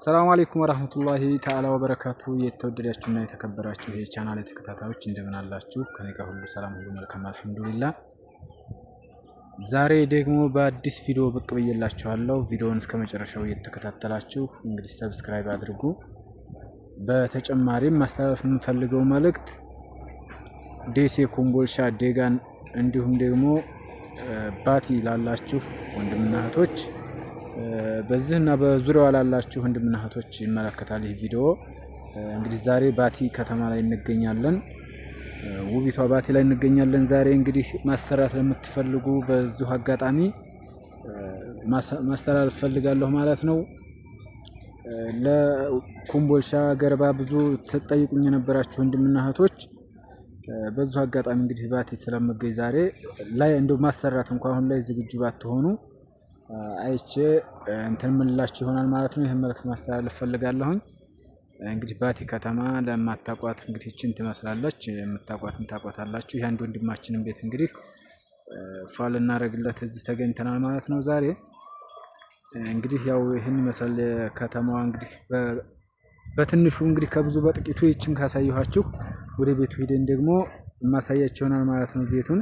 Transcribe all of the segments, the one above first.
ሰላም አለይኩም ወራህመቱላሂ ተዓላ ወበረካቱ። የተወደዳችሁ እና የተከበራችሁ የቻናል ተከታታዮች እንደምን አላችሁ? ከኔ ጋር ሁሉ ሰላም፣ ሁሉ መልካም አልሐምዱሊላ። ዛሬ ደግሞ በአዲስ ቪዲዮ ብቅ ብዬላችኋለሁ። ቪዲዮውን እስከ መጨረሻው እየተከታተላችሁ እንግዲህ ሰብስክራይብ አድርጉ። በተጨማሪም ማስተላለፍ የምፈልገው መልእክት ደሴ፣ ኮምቦልሻ፣ ደጋን እንዲሁም ደግሞ ባቲ ላላችሁ ወንድምና እህቶች እና በዙሪያዋ ላላችሁ ወንድምና እህቶች ይመለከታል ይህ ቪዲዮ። እንግዲህ ዛሬ ባቲ ከተማ ላይ እንገኛለን። ውቢቷ ባቲ ላይ እንገኛለን። ዛሬ እንግዲህ ማሰራት ለምትፈልጉ በዚሁ አጋጣሚ ማስተላለፍ ፈልጋለሁ ማለት ነው። ለኩምቦልሻ ገርባ ብዙ ትጠይቁኝ የነበራችሁ ወንድምና እህቶች በዚሁ አጋጣሚ እንግዲህ ባቲ ስለምገኝ ዛሬ ላይ እንደው ማሰራት እንኳ አሁን ላይ ዝግጁ ባትሆኑ አይቼ እንትን ምንላችሁ ይሆናል ማለት ነው። ይህን መልእክት ማስተላለፍ ፈልጋለሁኝ። እንግዲህ ባቲ ከተማ ለማታቋት እንግዲህ እችን ትመስላለች። የምታቋት ምታቋታላችሁ። የአንድ ወንድማችንን ቤት እንግዲህ ፏል እናደርግለት እዚህ ተገኝተናል ማለት ነው። ዛሬ እንግዲህ ያው ይህን ይመስላል ከተማዋ እንግዲህ በትንሹ እንግዲህ ከብዙ በጥቂቱ ይችን ካሳየኋችሁ ወደ ቤቱ ሂደን ደግሞ የማሳያችሁ ይሆናል ማለት ነው ቤቱን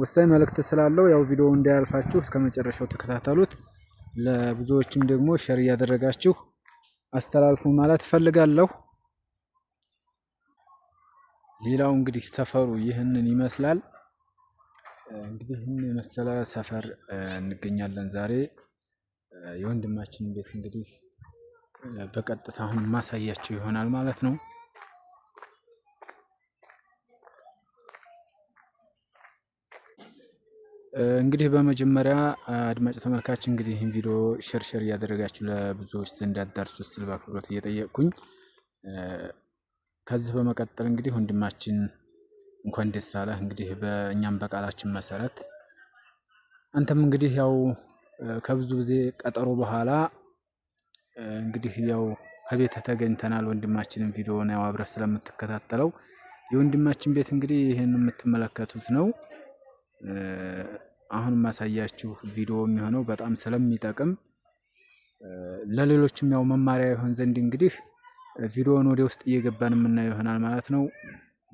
ወሳኝ መልእክት ስላለው ያው ቪዲዮ እንዳያልፋችሁ እስከ መጨረሻው ተከታተሉት። ለብዙዎችም ደግሞ ሸር እያደረጋችሁ አስተላልፉ ማለት እፈልጋለሁ። ሌላው እንግዲህ ሰፈሩ ይህንን ይመስላል። እንግዲህ ይህን የመሰለ ሰፈር እንገኛለን ዛሬ የወንድማችን ቤት እንግዲህ በቀጥታ አሁን ማሳያቸው ይሆናል ማለት ነው። እንግዲህ በመጀመሪያ አድማጭ ተመልካች እንግዲህ ይህን ቪዲዮ ሸርሸር እያደረጋችሁ ለብዙዎች ዘንድ አዳርሱ ስል በአክብሮት እየጠየቅኩኝ ከዚህ በመቀጠል እንግዲህ ወንድማችን እንኳን ደስ አለህ። እንግዲህ በእኛም በቃላችን መሰረት አንተም እንግዲህ ያው ከብዙ ጊዜ ቀጠሮ በኋላ እንግዲህ ያው ከቤትህ ተገኝተናል። ወንድማችንን ቪዲዮን ያው አብረህ ስለምትከታተለው የወንድማችን ቤት እንግዲህ ይህን የምትመለከቱት ነው። አሁን ማሳያችሁ ቪዲዮ የሚሆነው በጣም ስለሚጠቅም ለሌሎችም ያው መማሪያ ይሆን ዘንድ እንግዲህ ቪዲዮውን ወደ ውስጥ እየገባን የምናየው ይሆናል ማለት ነው።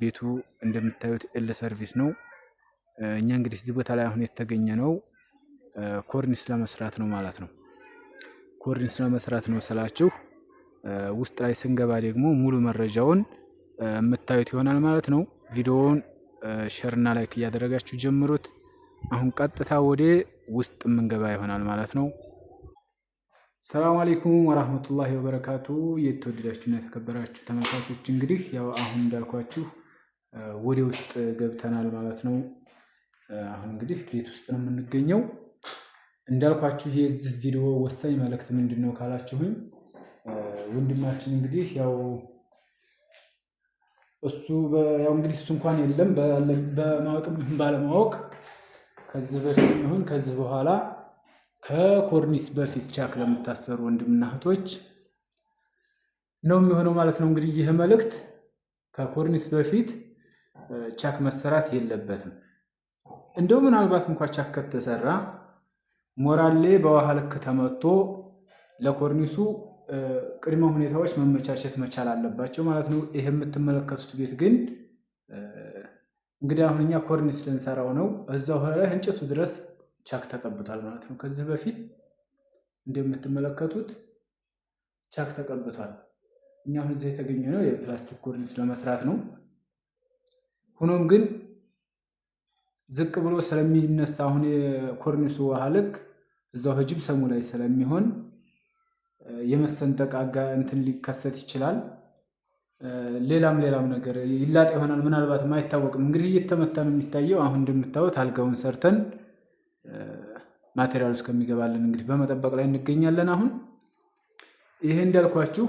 ቤቱ እንደምታዩት ኤል ሰርቪስ ነው። እኛ እንግዲህ እዚህ ቦታ ላይ አሁን የተገኘ ነው ኮርኒስ ለመስራት ነው ማለት ነው። ኮርኒስ ለመስራት ነው ስላችሁ ውስጥ ላይ ስንገባ ደግሞ ሙሉ መረጃውን የምታዩት ይሆናል ማለት ነው። ቪዲዮውን ሸርና ላይክ እያደረጋችሁ ጀምሩት። አሁን ቀጥታ ወደ ውስጥ የምንገባ ይሆናል ማለት ነው። ሰላም አሌይኩም ወራህመቱላሂ ወበረካቱ። የተወደዳችሁና የተከበራችሁ ተመልካቾች እንግዲህ ያው አሁን እንዳልኳችሁ ወደ ውስጥ ገብተናል ማለት ነው። አሁን እንግዲህ ቤት ውስጥ ነው የምንገኘው። እንዳልኳችሁ የዚህ ቪዲዮ ወሳኝ መልእክት ምንድን ነው ካላችሁኝ ወንድማችን እንግዲህ ያው እሱ ያው እንግዲህ እሱ እንኳን የለም በማወቅም ባለማወቅ ከዚህ በፊት ይሁን ከዚህ በኋላ ከኮርኒስ በፊት ቻክ ለምታሰሩ ወንድምና እህቶች ነው የሚሆነው ማለት ነው። እንግዲህ ይህ መልእክት ከኮርኒስ በፊት ቻክ መሰራት የለበትም። እንደው ምናልባት እንኳ ቻክ ከተሰራ ሞራሌ በውሃ ልክ ተመቶ ለኮርኒሱ ቅድመ ሁኔታዎች መመቻቸት መቻል አለባቸው ማለት ነው። ይህ የምትመለከቱት ቤት ግን እንግዲህ አሁን እኛ ኮርኒስ ልንሰራው ነው። እዛው ላይ እንጨቱ ድረስ ቻክ ተቀብቷል ማለት ነው። ከዚህ በፊት እንደምትመለከቱት ቻክ ተቀብቷል። እኛ አሁን እዚህ የተገኘ ነው የፕላስቲክ ኮርኒስ ለመስራት ነው። ሆኖም ግን ዝቅ ብሎ ስለሚነሳ አሁን የኮርኒሱ ውሃ ልክ እዛው ሰሙ ላይ ስለሚሆን የመሰንጠቅ እንትን ሊከሰት ይችላል። ሌላም ሌላም ነገር ይላጥ ይሆናል። ምናልባት አይታወቅም። እንግዲህ እየተመታ ነው የሚታየው። አሁን እንደምታዩት አልጋውን ሰርተን ማቴሪያሉ እስከሚገባልን እንግዲህ በመጠበቅ ላይ እንገኛለን። አሁን ይሄ እንዳልኳችሁ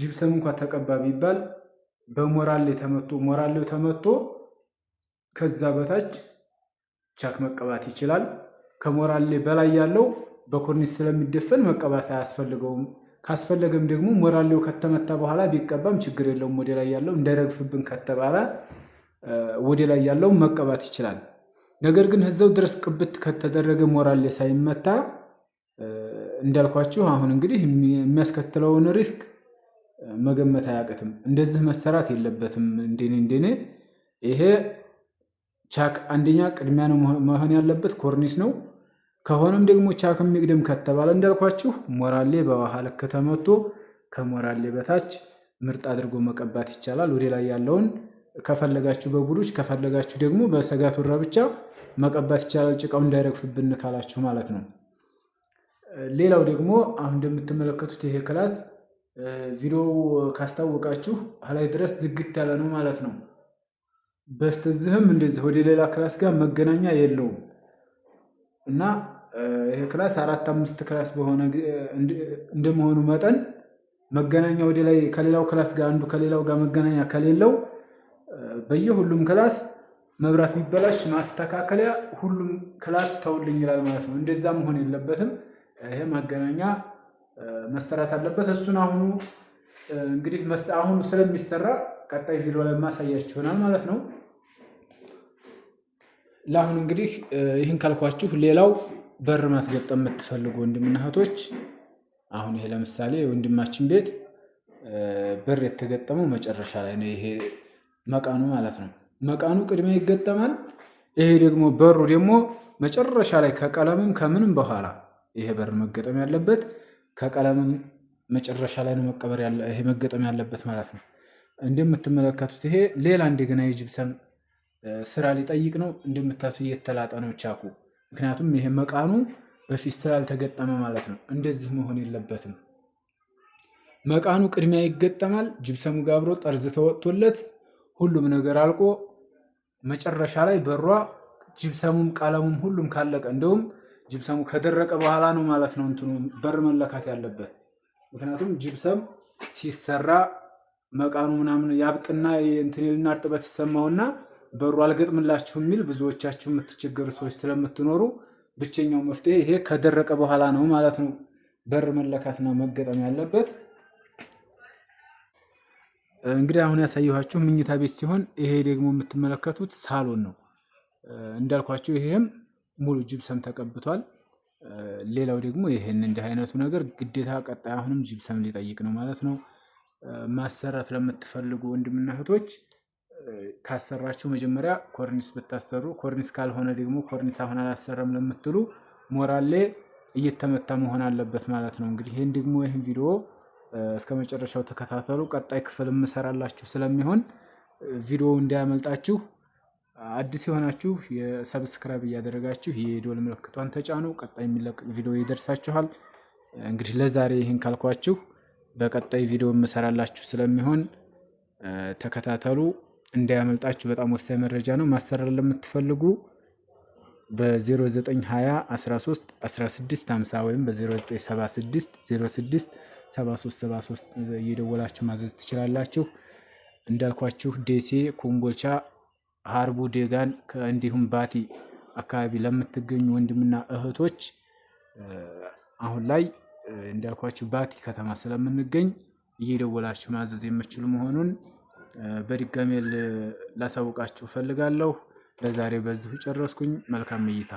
ጅብሰም እንኳ ተቀባ ቢባል በሞራሌ ተመቶ ሞራሌው ተመቶ ከዛ በታች ቻክ መቀባት ይችላል። ከሞራሌ በላይ ያለው በኮርኒስ ስለሚደፈን መቀባት አያስፈልገውም። ካስፈለገም ደግሞ ሞራሌው ከተመታ በኋላ ቢቀባም ችግር የለውም። ወደ ላይ ያለው እንዳይረግፍብን ከተባለ ወደ ላይ ያለው መቀባት ይችላል። ነገር ግን እዛው ድረስ ቅብት ከተደረገ ሞራሌ ሳይመታ እንዳልኳችሁ አሁን እንግዲህ የሚያስከትለውን ሪስክ መገመት አያቅትም። እንደዚህ መሰራት የለበትም። እንደኔ እንደኔ ይሄ ቻክ አንደኛ ቅድሚያ ነው መሆን ያለበት ኮርኒስ ነው። ከሆነም ደግሞ ቻክም ይቅደም ከተባለ እንዳልኳችሁ ሞራሌ በውሃ ልክ ተመቶ ከሞራሌ በታች ምርጥ አድርጎ መቀባት ይቻላል። ወደ ላይ ያለውን ከፈለጋችሁ በቡሩጅ ከፈለጋችሁ ደግሞ በሰጋት ወራ ብቻ መቀባት ይቻላል። ጭቃው እንዳይረግፍብን ካላችሁ ማለት ነው። ሌላው ደግሞ አሁን እንደምትመለከቱት ይሄ ክላስ ቪዲዮው ካስታወቃችሁ ላይ ድረስ ዝግት ያለ ነው ማለት ነው። በስተዚህም እንደዚህ ወደ ሌላ ክላስ ጋር መገናኛ የለውም እና ይሄ ክላስ አራት አምስት ክላስ በሆነ እንደመሆኑ መጠን መገናኛ ወደ ላይ ከሌላው ክላስ ጋር አንዱ ከሌላው ጋር መገናኛ ከሌለው በየሁሉም ክላስ መብራት ቢበላሽ ማስተካከያ ሁሉም ክላስ ተውልኝ ይላል ማለት ነው። እንደዛ መሆን የለበትም። ይሄ መገናኛ መሰራት አለበት። እሱን አሁኑ እንግዲህ አሁኑ ስለሚሰራ ቀጣይ ቪዲዮ ላይ ማሳያችሁ ይሆናል ማለት ነው። ለአሁኑ እንግዲህ ይህን ካልኳችሁ ሌላው በር ማስገጠም የምትፈልጉ ወንድምና እህቶች አሁን ይሄ ለምሳሌ የወንድማችን ቤት በር የተገጠመው መጨረሻ ላይ ነው። ይሄ መቃኑ ማለት ነው። መቃኑ ቅድሚያ ይገጠማል። ይሄ ደግሞ በሩ ደግሞ መጨረሻ ላይ ከቀለምም ከምንም በኋላ ይሄ በር መገጠም ያለበት ከቀለምም መጨረሻ ላይ ነው መቀበር ይሄ መገጠም ያለበት ማለት ነው። እንደምትመለከቱት ይሄ ሌላ እንደገና የጅብሰም ስራ ሊጠይቅ ነው። እንደምታዩት እየተላጠ ነው ቻኩ ምክንያቱም ይሄ መቃኑ በፊስትራ አልተገጠመ ማለት ነው። እንደዚህ መሆን የለበትም። መቃኑ ቅድሚያ ይገጠማል። ጅብሰሙ ጋብሮ ጠርዝ ተወጥቶለት ሁሉም ነገር አልቆ መጨረሻ ላይ በሯ ጅብሰሙም ቀለሙም ሁሉም ካለቀ እንደውም ጅብሰሙ ከደረቀ በኋላ ነው ማለት ነው እንትኑ በር መለካት ያለበት። ምክንያቱም ጅብሰም ሲሰራ መቃኑ ምናምን ያብጥና እንትንልና እርጥበት ይሰማውና በሩ አልገጥምላችሁ የሚል ብዙዎቻችሁ የምትቸገሩ ሰዎች ስለምትኖሩ ብቸኛው መፍትሄ ይሄ ከደረቀ በኋላ ነው ማለት ነው። በር መለካትና መገጠም ያለበት እንግዲህ አሁን ያሳየኋችሁ ምኝታ ቤት ሲሆን ይሄ ደግሞ የምትመለከቱት ሳሎን ነው እንዳልኳቸው ይሄም ሙሉ ጅብሰም ተቀብቷል። ሌላው ደግሞ ይህን እንዲህ አይነቱ ነገር ግዴታ ቀጣይ አሁንም ጅብሰም ሊጠይቅ ነው ማለት ነው። ማሰራት ለምትፈልጉ ወንድምና እህቶች ካሰራችሁ መጀመሪያ ኮርኒስ ብታሰሩ፣ ኮርኒስ ካልሆነ ደግሞ ኮርኒስ አሁን አላሰራም ለምትሉ ሞራሌ እየተመታ መሆን አለበት ማለት ነው። እንግዲህ ይህን ደግሞ ይህን ቪዲዮ እስከ መጨረሻው ተከታተሉ። ቀጣይ ክፍል የምሰራላችሁ ስለሚሆን ቪዲዮ እንዳያመልጣችሁ። አዲስ የሆናችሁ የሰብስክራይብ እያደረጋችሁ የዶል ምልክቷን ተጫኑ። ቀጣይ የሚለቅ ቪዲዮ ይደርሳችኋል። እንግዲህ ለዛሬ ይህን ካልኳችሁ በቀጣይ ቪዲዮ የምሰራላችሁ ስለሚሆን ተከታተሉ። እንዳያመልጣችሁ በጣም ወሳኝ መረጃ ነው። ማሰራት ለምትፈልጉ በ 0920131650 ወይም በ0976 73 እየደወላችሁ ማዘዝ ትችላላችሁ። እንዳልኳችሁ ደሴ፣ ኮምቦልቻ፣ ሀርቡ፣ ደጋን እንዲሁም ባቲ አካባቢ ለምትገኙ ወንድምና እህቶች አሁን ላይ እንዳልኳችሁ ባቲ ከተማ ስለምንገኝ እየደወላችሁ ማዘዝ የምችሉ መሆኑን በድጋሜ ላሳውቃችሁ ፈልጋለሁ። ለዛሬ በዚሁ ጨረስኩኝ። መልካም እይታ